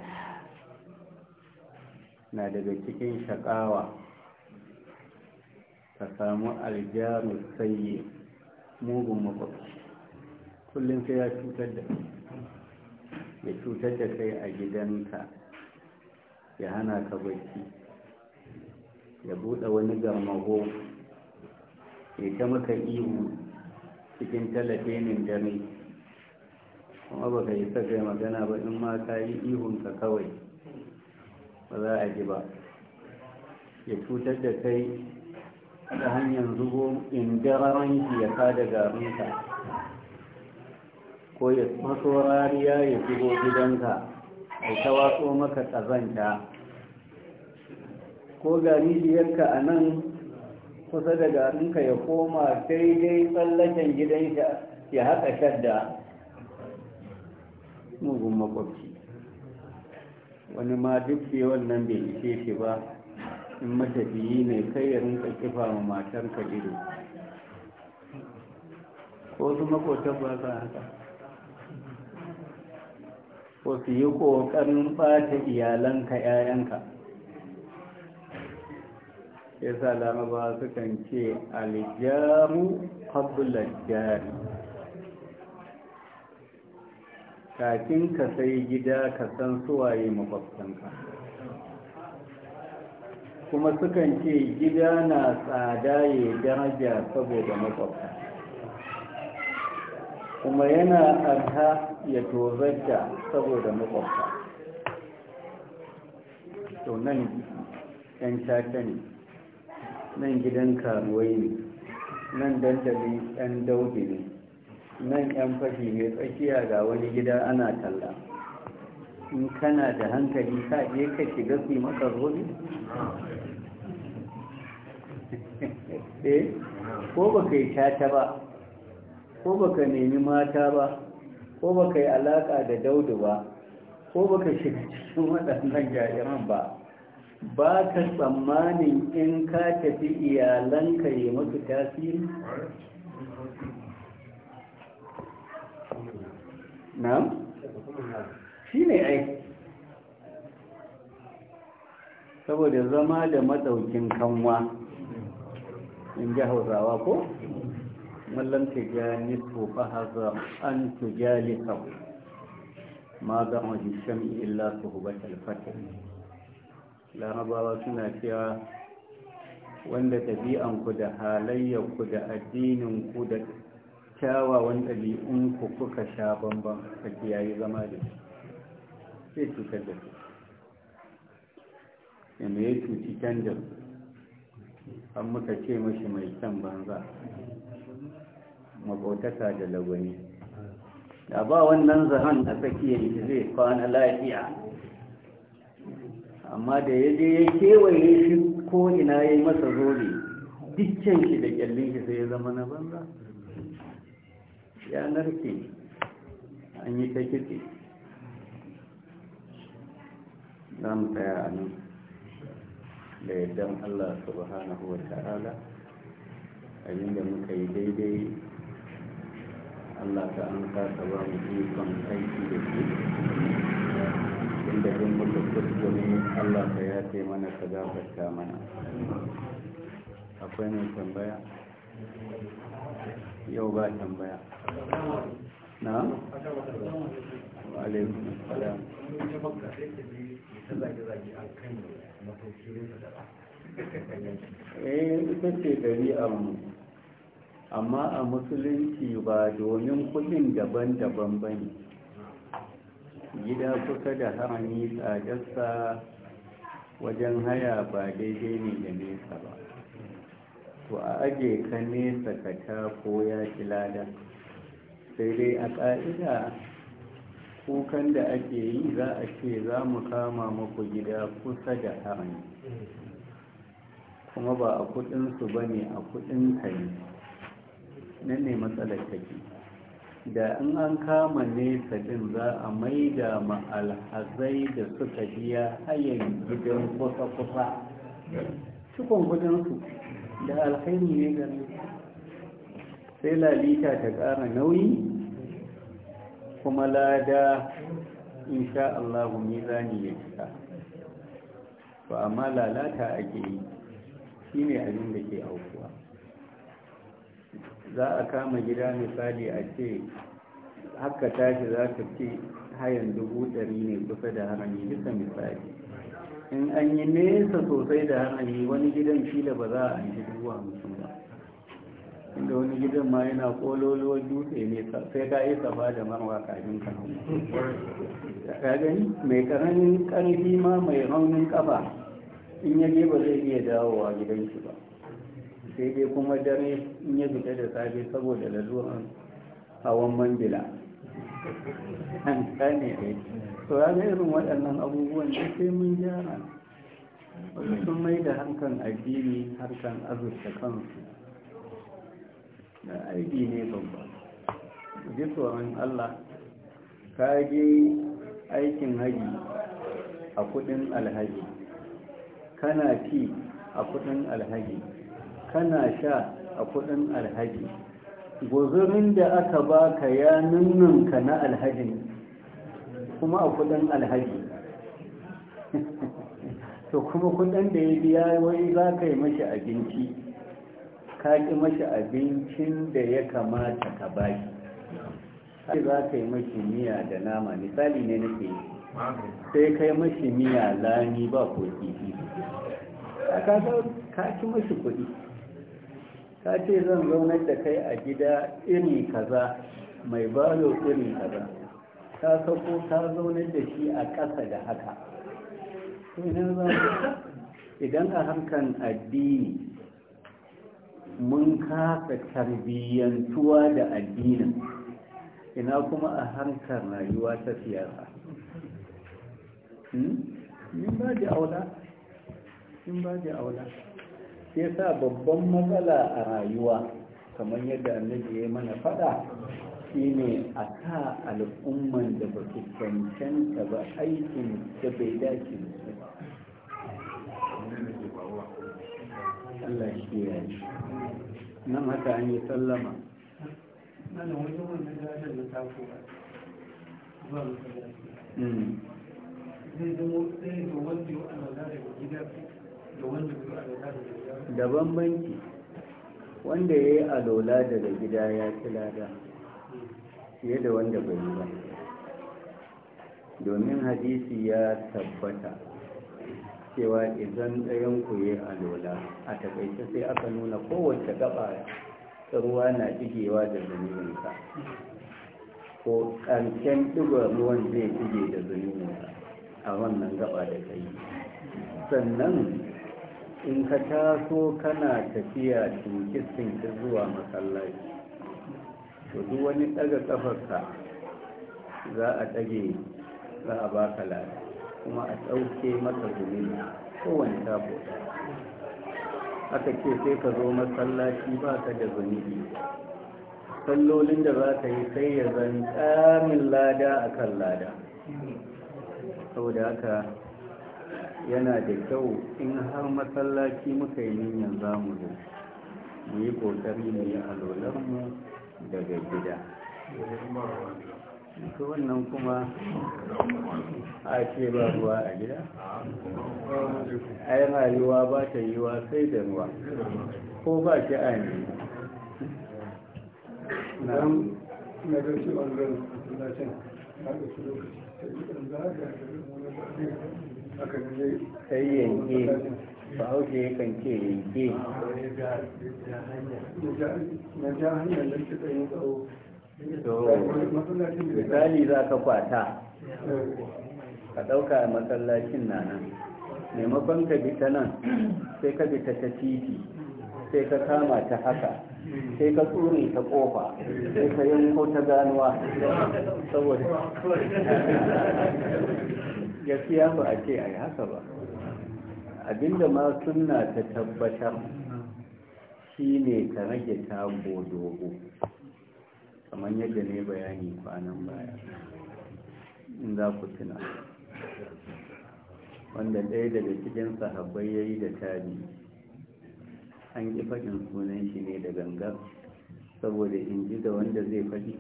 na daga cikin shakawa ka samu aljihar tsaye mugun makwabci kullum sai ya cutar da ya cutar da kai a gidanka ya hana ka bacci ya buɗe wani garmago ke ta maka ihu cikin talafinin dare kuma ba ka yi sakai magana ba in ma ka yi ihunka kawai ba za a ji ba ya cutar da kai ta hanyar zubo indararanki ya kada garinka ko ya maso rariya ya zubo gidanka a ta watso maka tsazanta ko ga rijiyarka a nan kusa da garinka ya koma daidai tsallaken gidansa ya haka shadda mugun makwabci wani ma duk da wannan bai ishe shi ba in matafiyi ne kai ya rinka kifa ma matarka ido ko su makotan ba za haka ko su yi ƙoƙarin ɓata iyalanka 'ya'yanka ya sa laraba sukan ce aljamu qabla jari kakin ka sai gida ka san suwaye makwabtanka kuma sukan ce gida na tsada ya daraja saboda makwabta kuma yana arha ya tozarta saboda makwabta to nan 'yan shata ne nan gidan karuwai ne nan dandali yan daudu ne nan yan fashi ne tsakiya ga wani gida ana talla in kana da hankali ka je ka shiga su maka robi eh, ko ko baka yi tata ba ko baka nemi mata ba ko baka yi alaƙa da daudu ba ko baka shiga cikin waɗannan jayaman ba ba ka tsammanin in ka tafi iyalanka yi masu tasiri? na? shi ne ai saboda zama da matsaukin kanwa in ji hausawa ko? mallan tijani to fahaza an tujali sau ma za a wajen shami illa su hubatar fatar larabawa suna cewa wanda ɗabi'anku da halayyarku da addininku da kyawawan ɗabi'unku kuka sha bambam ka kiyaye zama da shi sai cutar da su yana ya cuci can da an muka ce mashi mai kyan banza makotaka da lagwani da ba wannan zahon a tsakiyar zai kwana lafiya amma da ya je ya kewaye shi ko ina ya yi masa zobe dukkan shi da kyallin shi sai ya zama na banza ya narke an yi ta kitse za mu tsaya a nan da yardan allah subhanahu wa ta'ala abinda muka yi daidai allah ta an kasa ba mu ikon aiki da shi inda duk mutu kuskure Allah ka yafe mana ka gafarta mana akwai mai tambaya yau ba tambaya na? alaikun salam eh ita ce dari abu amma a musulunci ba domin kudin daban-daban ba ne gida kusa da harami tsadarsa wajen haya ba daidai ne da nesa ba to a aje ka nesa ka ta ci lada sai dai a ƙa'ida kukan da ake yi za a ce za mu kama muku gida kusa da harami kuma ba a kudinsu ba ne a kudin kare nan ne matsalar take da in an kama nesa din za a maida ma alhazai da suka biya hayan gidan kusa-kusa cikin gudunsu da alhaini ne ga sai lalita ta ƙara nauyi kuma lada insha Allah mizani ya cika Ba amma lalata ake yi shi ne abin da ke aukuwa za a kama gida misali a ce haka tashi za ka ce hayan dubu ɗari ne kusa da harami duka misali in an yi nesa sosai da harami wani gidan kila ba za a an shi dubu ba inda wani gidan ma yana kololuwar dutse ne sai ka yi safa da marwa kafin ka gani mai karamin karfi ma mai raunin kafa in ya ba zai iya dawowa gidan shi ba sai dai kuma dare in yi fita da safe saboda zuwan hawan mambila an kane ne to ya ga irin waɗannan abubuwan da sai mun gyara wasu sun mai da harkan addini harkan azurta kansu na aiki ne babba ji tsoron allah ka je aikin haji a kudin alhaji kana ci a kudin alhaji kana sha a kudin alhaji guzurin da aka baka ya na alhaji kuma a kudin alhaji to kuma kudin da ya biya wai za ka yi mashi abinci ka ki mashi abincin da ya kamata ka baki sai za ka yi mashi miya da nama misali ne nake sai ka yi mashi miya lani ba ko kifi ka ci mashi kudi Ta ce zan zaunar da kai a gida iri kaza mai balo iri kaza Ta sako ta zaunar da shi a ƙasa da haka idan a hankan addini mun kasa tarbiyyantuwa da addinin ina kuma a hankan rayuwa ta siyasa in hmm? ba da aula ba da aula shi yasa babban matsala a rayuwa kamar yadda annabi ya mana faɗa shine a ka al'umman da ba su cancanta ba aikin da bai dace da Allah shi an yi sallama mm. zai zama da ana da banbanci wanda ya yi alola daga gida ya ci lada fiye da wanda bai ba domin hadisi ya tabbata cewa idan ɗayan ku yi alola a takaice sai aka nuna kowace gaba ruwa na ɗigewa da zunubinsa ko ƙarshen ɗigo ruwan zai ɗige da zunubinsa a wannan gaba da kai sannan in ka taso kana tafiya cinki ta zuwa masallaci to duk wani ɗaga kafarka, za a dage za a baka lada kuma a ɗauke maka zunubi kowane tabo aka ce sai ka zo masallaci ba ka da zunubi sallolin da za ka yi sai ya zan ƙamin lada a kan lada saboda haka yana da kyau in har masallaci muka yi niyan zamu da mu yi kokari mu yi mu daga gida ko wannan kuma a ce ba ruwa a gida ai rayuwa ba ta yiwa sai da ruwa ko ba shi a ne na na sai yanke bahaushe ya kan ce yanke misali za ka kwata ka ɗauka a masallacin na nan maimakon ka bi ta nan sai ka bi ta ta titi sai ka kama ta haka sai ka tsuri ta kofa sai ka yanko ta ganuwa saboda gaskiya ba a ce a yi haka ba abinda ma suna ta tabbatar shi ne ka rage tago dogo kamar yadda ne bayani kwanan baya in za ku tuna wanda ɗaya daga cikin sahabbai ya yi da tabi an ƙi faɗin sunan shi ne da gangar saboda in ji da wanda zai faɗi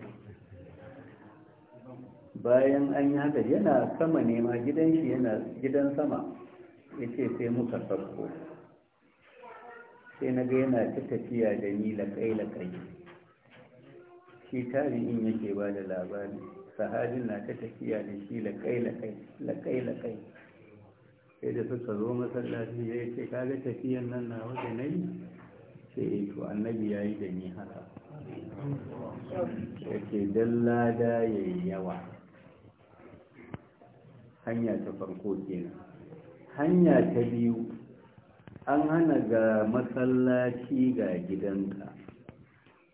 bayan an yi haka yana sama ne ma gidan shi yana gidan sama ya ce sai muka sauko sai na ga yana ta tafiya da ni laƙai-laƙai shi tarihin yake ba da labari sahajin na ta tafiya da shi laƙai-laƙai sai da suka zo masallaci ya ce kaga tafiyan nan na wata na yi sai to annabi ya yi da ni haka ya ce dalla da yayi yawa hanya ta farko kenan hanya ta biyu an hana ga masallaci ga gidanka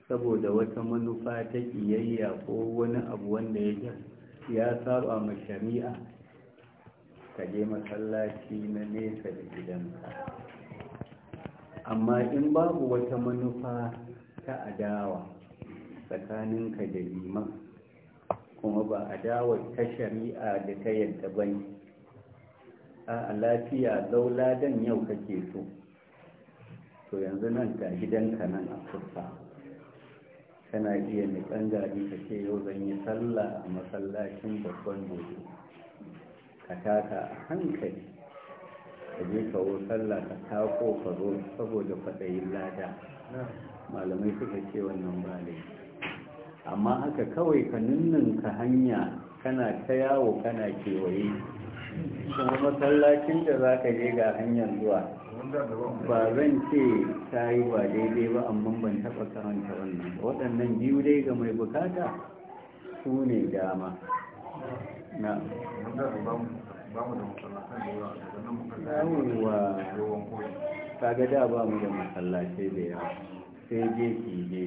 saboda wata manufa ta kiyayya ko wani abu wanda ya ya saba ma shari'a ka je masallaci na nesa da gidanka amma in babu wata manufa ta adawa tsakaninka da liman kuma ba a dawar ta shari'a da ta yadda ba ne a lafiya don yau kake so to yanzu nan ga gidanka nan a kusa kana iya nikan gari ka ce yau zan yi sallah a masallacin babban dodo ka taka a hankali ka je kawo sallah ka tako ka zo saboda faɗayin lada malamai suka ce wannan ba laifi amma haka kawai ka ka hanya kana ta yawo kana kewaye kuma masallacin da za ka je ga hanyar zuwa ba zan ce ta yi ba daidai ba amma ban taɓa karanta wannan waɗannan biyu dai ga mai bukata su ne dama na kaga da ba mu da masallacai da yawa sai je ki je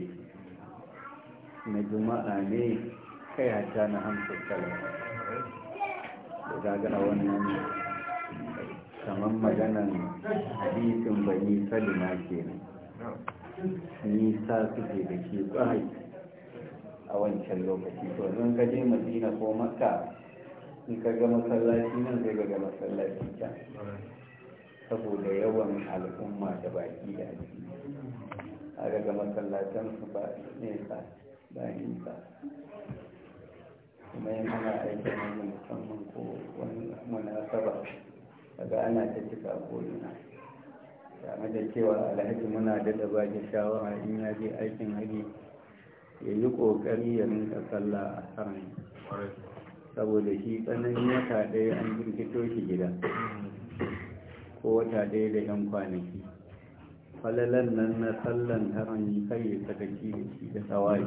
na juma'a ne kai hata na hamsin talawa da zagara wannan kamar maganan hadisin bani salima kenan nisa suke da ke tsari a wancan lokaci to zan gaje madina ko maka, in ka ga masallaci nan zai ga masallaci ta saboda yawan al'umma da baki da a daga masallacin su ba nesa bayan kuma yin ana aikin wani musamman ko wani munasaba daga ana ta cika ko'ina tare da cewa alhaji muna da ba ki shawara in ya je aikin haji ya yi ƙoƙari ya rinka sallah a sarari saboda shi tsananin wata ɗaya an jirgito shi gida ko wata ɗaya da 'yan kwanaki falalan nan na sallan harami kai ya sadaki da shi da tawaye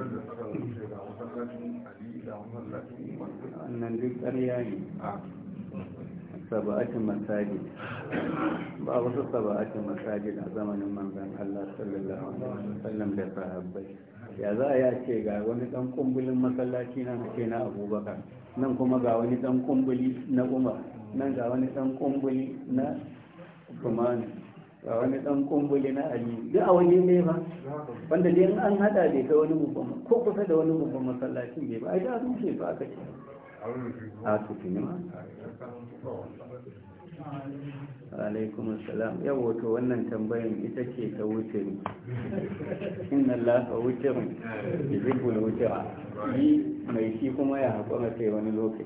Wannan duk ƙarya ne saba'atin masajid ba wasu saba'atin masajid a zamanin manzan Allah sallallahu alaihi wasallam da sahabbai ya za a ya ce ga wani dan kumbulin masallaci nan ce na abubakar nan kuma ga wani dan kumbuli na umar nan ga wani dan kumbuli na Usman ga wani dan kumbuli na ali duk a wani ne ba wanda dai an hada da kai wani babban ko kusa da wani babban masallacin ne ba ai da sun ce ba aka ce a tuki ne alaikum assalam Yau wato wannan tambayan ita ce ta wuce inna allaha wutirun wuce wutira ni mai shi kuma ya haƙura sai wani lokaci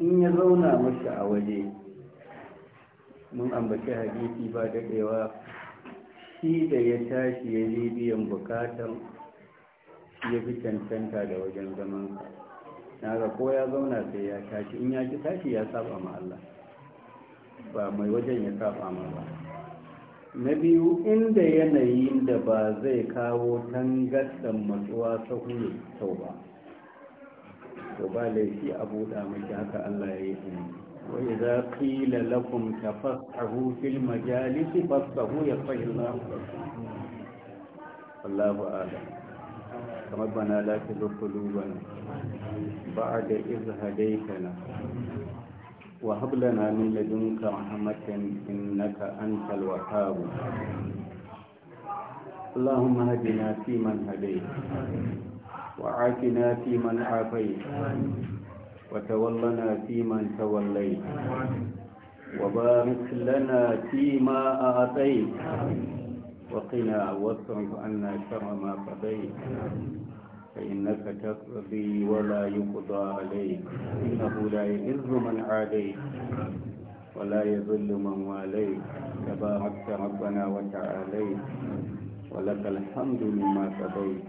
in ya zauna mashi a waje mun ambaci hadisi ba daɗewa shi da ya tashi ya je biyan bukatan ya fi cancanta da wajen zamansa na ga ko ya zauna sai ya tashi in ya ki tashi ya saba ma Allah ba mai wajen ya saba ma ba na biyu inda yanayin da ba zai kawo da matsuwa ta ne sau ba to ba laifi a buɗa maki haka Allah ya yi wai za ƙila lakum ta fasahu fil majalisi fasahu ya sahi Allahu Adam kamar bana la ta zukulu bana ba da iz hadaitana wa hablana min ladunka rahmatan innaka antal wahhab اللهم هدنا فيمن هديت وعافنا فيمن عافيت وتولنا فيمن توليت وبارك لنا فيما أعطيت وقنا واصرف عنا شر ما قضيت فإنك تقضي ولا يقضى عليك إنه لا يذل من عاديت ولا يذل من واليت تباركت ربنا وتعاليت ولك الحمد مما قضيت